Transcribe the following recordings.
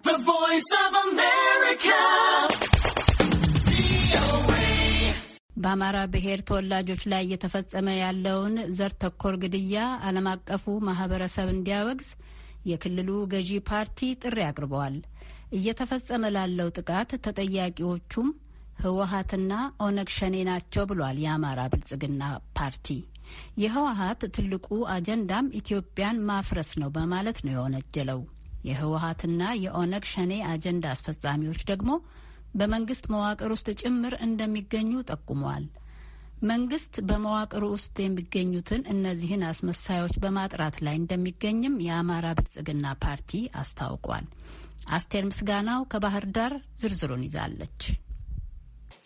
The Voice of America. በአማራ ብሔር ተወላጆች ላይ እየተፈጸመ ያለውን ዘር ተኮር ግድያ ዓለም አቀፉ ማህበረሰብ እንዲያወግዝ የክልሉ ገዢ ፓርቲ ጥሪ አቅርበዋል። እየተፈጸመ ላለው ጥቃት ተጠያቂዎቹም ህወሀትና ኦነግ ሸኔ ናቸው ብሏል የአማራ ብልጽግና ፓርቲ። የህወሀት ትልቁ አጀንዳም ኢትዮጵያን ማፍረስ ነው በማለት ነው የወነጀለው። የህወሀትና የኦነግ ሸኔ አጀንዳ አስፈጻሚዎች ደግሞ በመንግስት መዋቅር ውስጥ ጭምር እንደሚገኙ ጠቁመዋል። መንግስት በመዋቅር ውስጥ የሚገኙትን እነዚህን አስመሳዮች በማጥራት ላይ እንደሚገኝም የአማራ ብልጽግና ፓርቲ አስታውቋል። አስቴር ምስጋናው ከባህር ዳር ዝርዝሩን ይዛለች።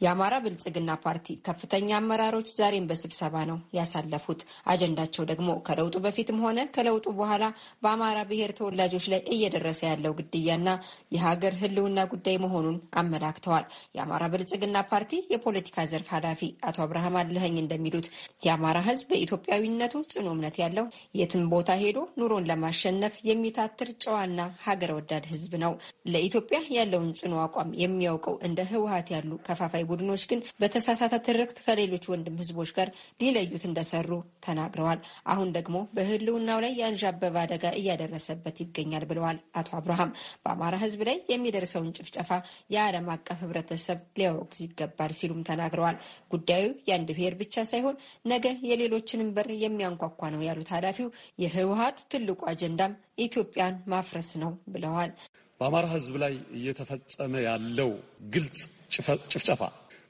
የአማራ ብልጽግና ፓርቲ ከፍተኛ አመራሮች ዛሬም በስብሰባ ነው ያሳለፉት። አጀንዳቸው ደግሞ ከለውጡ በፊትም ሆነ ከለውጡ በኋላ በአማራ ብሔር ተወላጆች ላይ እየደረሰ ያለው ግድያና የሀገር ሕልውና ጉዳይ መሆኑን አመላክተዋል። የአማራ ብልጽግና ፓርቲ የፖለቲካ ዘርፍ ኃላፊ አቶ አብርሃም አለኸኝ እንደሚሉት የአማራ ሕዝብ በኢትዮጵያዊነቱ ጽኑ እምነት ያለው የትም ቦታ ሄዶ ኑሮን ለማሸነፍ የሚታትር ጨዋና ሀገር ወዳድ ሕዝብ ነው። ለኢትዮጵያ ያለውን ጽኑ አቋም የሚያውቀው እንደ ህወሀት ያሉ ከፋፋይ ቡድኖች ግን በተሳሳተ ትርክት ከሌሎች ወንድም ህዝቦች ጋር ሊለዩት እንደሰሩ ተናግረዋል። አሁን ደግሞ በህልውናው ላይ የአንዣበበ አደጋ እያደረሰበት ይገኛል ብለዋል አቶ አብርሃም። በአማራ ህዝብ ላይ የሚደርሰውን ጭፍጨፋ የዓለም አቀፍ ህብረተሰብ ሊያወግዝ ይገባል ሲሉም ተናግረዋል። ጉዳዩ የአንድ ብሔር ብቻ ሳይሆን ነገ የሌሎችንም በር የሚያንኳኳ ነው ያሉት ኃላፊው የህወሀት ትልቁ አጀንዳም ኢትዮጵያን ማፍረስ ነው ብለዋል። በአማራ ህዝብ ላይ እየተፈጸመ ያለው ግልጽ ጭፍጨፋ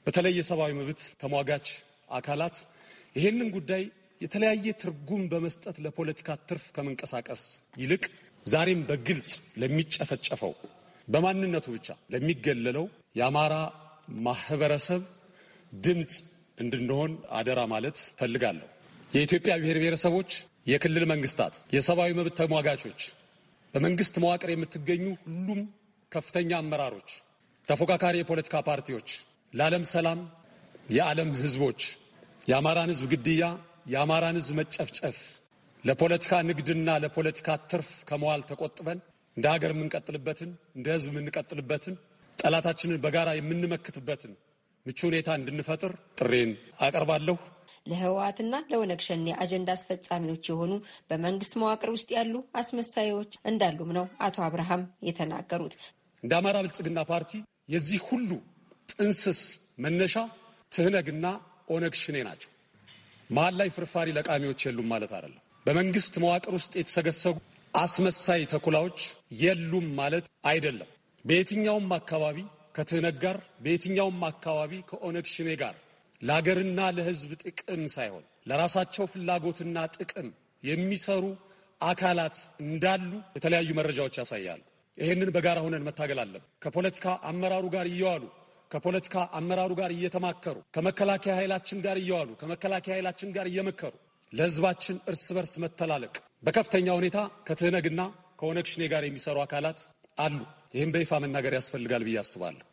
በተለይ የሰብአዊ መብት ተሟጋች አካላት ይህንን ጉዳይ የተለያየ ትርጉም በመስጠት ለፖለቲካ ትርፍ ከመንቀሳቀስ ይልቅ ዛሬም በግልጽ ለሚጨፈጨፈው በማንነቱ ብቻ ለሚገለለው የአማራ ማህበረሰብ ድምፅ እንድንሆን አደራ ማለት ፈልጋለሁ። የኢትዮጵያ ብሔር ብሔረሰቦች፣ የክልል መንግስታት፣ የሰብአዊ መብት ተሟጋቾች በመንግስት መዋቅር የምትገኙ ሁሉም ከፍተኛ አመራሮች፣ ተፎካካሪ የፖለቲካ ፓርቲዎች፣ ለዓለም ሰላም የዓለም ህዝቦች የአማራን ህዝብ ግድያ፣ የአማራን ህዝብ መጨፍጨፍ ለፖለቲካ ንግድና ለፖለቲካ ትርፍ ከመዋል ተቆጥበን እንደ ሀገር የምንቀጥልበትን እንደ ህዝብ የምንቀጥልበትን ጠላታችንን በጋራ የምንመክትበትን ምቹ ሁኔታ እንድንፈጥር ጥሬን አቀርባለሁ። ለህወሓትና ለኦነግ ሸኔ አጀንዳ አስፈጻሚዎች የሆኑ በመንግስት መዋቅር ውስጥ ያሉ አስመሳዮች እንዳሉም ነው አቶ አብርሃም የተናገሩት። እንደ አማራ ብልጽግና ፓርቲ የዚህ ሁሉ ጥንስስ መነሻ ትህነግና ኦነግ ሽኔ ናቸው። መሀል ላይ ፍርፋሪ ለቃሚዎች የሉም ማለት አይደለም። በመንግስት መዋቅር ውስጥ የተሰገሰጉ አስመሳይ ተኩላዎች የሉም ማለት አይደለም። በየትኛውም አካባቢ ከትህነግ ጋር፣ በየትኛውም አካባቢ ከኦነግ ሽኔ ጋር ለሀገርና ለሕዝብ ጥቅም ሳይሆን ለራሳቸው ፍላጎትና ጥቅም የሚሰሩ አካላት እንዳሉ የተለያዩ መረጃዎች ያሳያሉ። ይህንን በጋራ ሆነን መታገል አለብን። ከፖለቲካ አመራሩ ጋር እየዋሉ ከፖለቲካ አመራሩ ጋር እየተማከሩ ከመከላከያ ኃይላችን ጋር እየዋሉ ከመከላከያ ኃይላችን ጋር እየመከሩ ለህዝባችን እርስ በርስ መተላለቅ በከፍተኛ ሁኔታ ከትህነግና ከኦነግ ሽኔ ጋር የሚሰሩ አካላት አሉ። ይህም በይፋ መናገር ያስፈልጋል ብዬ አስባለሁ።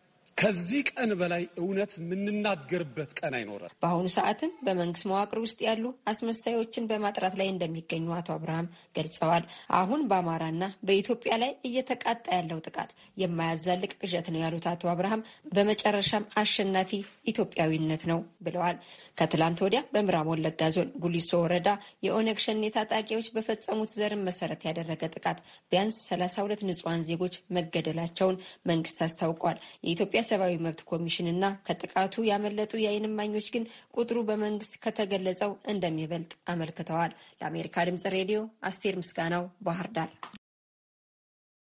ከዚህ ቀን በላይ እውነት የምንናገርበት ቀን አይኖረም። በአሁኑ ሰዓትም በመንግስት መዋቅር ውስጥ ያሉ አስመሳዮችን በማጥራት ላይ እንደሚገኙ አቶ አብርሃም ገልጸዋል። አሁን በአማራና በኢትዮጵያ ላይ እየተቃጣ ያለው ጥቃት የማያዛልቅ ቅዠት ነው ያሉት አቶ አብርሃም በመጨረሻም አሸናፊ ኢትዮጵያዊነት ነው ብለዋል። ከትላንት ወዲያ በምዕራብ ወለጋ ዞን ጉሊሶ ወረዳ የኦነግ ሸኔ ታጣቂዎች በፈጸሙት ዘርን መሰረት ያደረገ ጥቃት ቢያንስ 32 ንጹሐን ዜጎች መገደላቸውን መንግስት አስታውቋል። የኢትዮጵያ ከሰብአዊ መብት ኮሚሽን እና ከጥቃቱ ያመለጡ የዓይን እማኞች ግን ቁጥሩ በመንግስት ከተገለጸው እንደሚበልጥ አመልክተዋል። ለአሜሪካ ድምጽ ሬዲዮ አስቴር ምስጋናው ባህር ዳር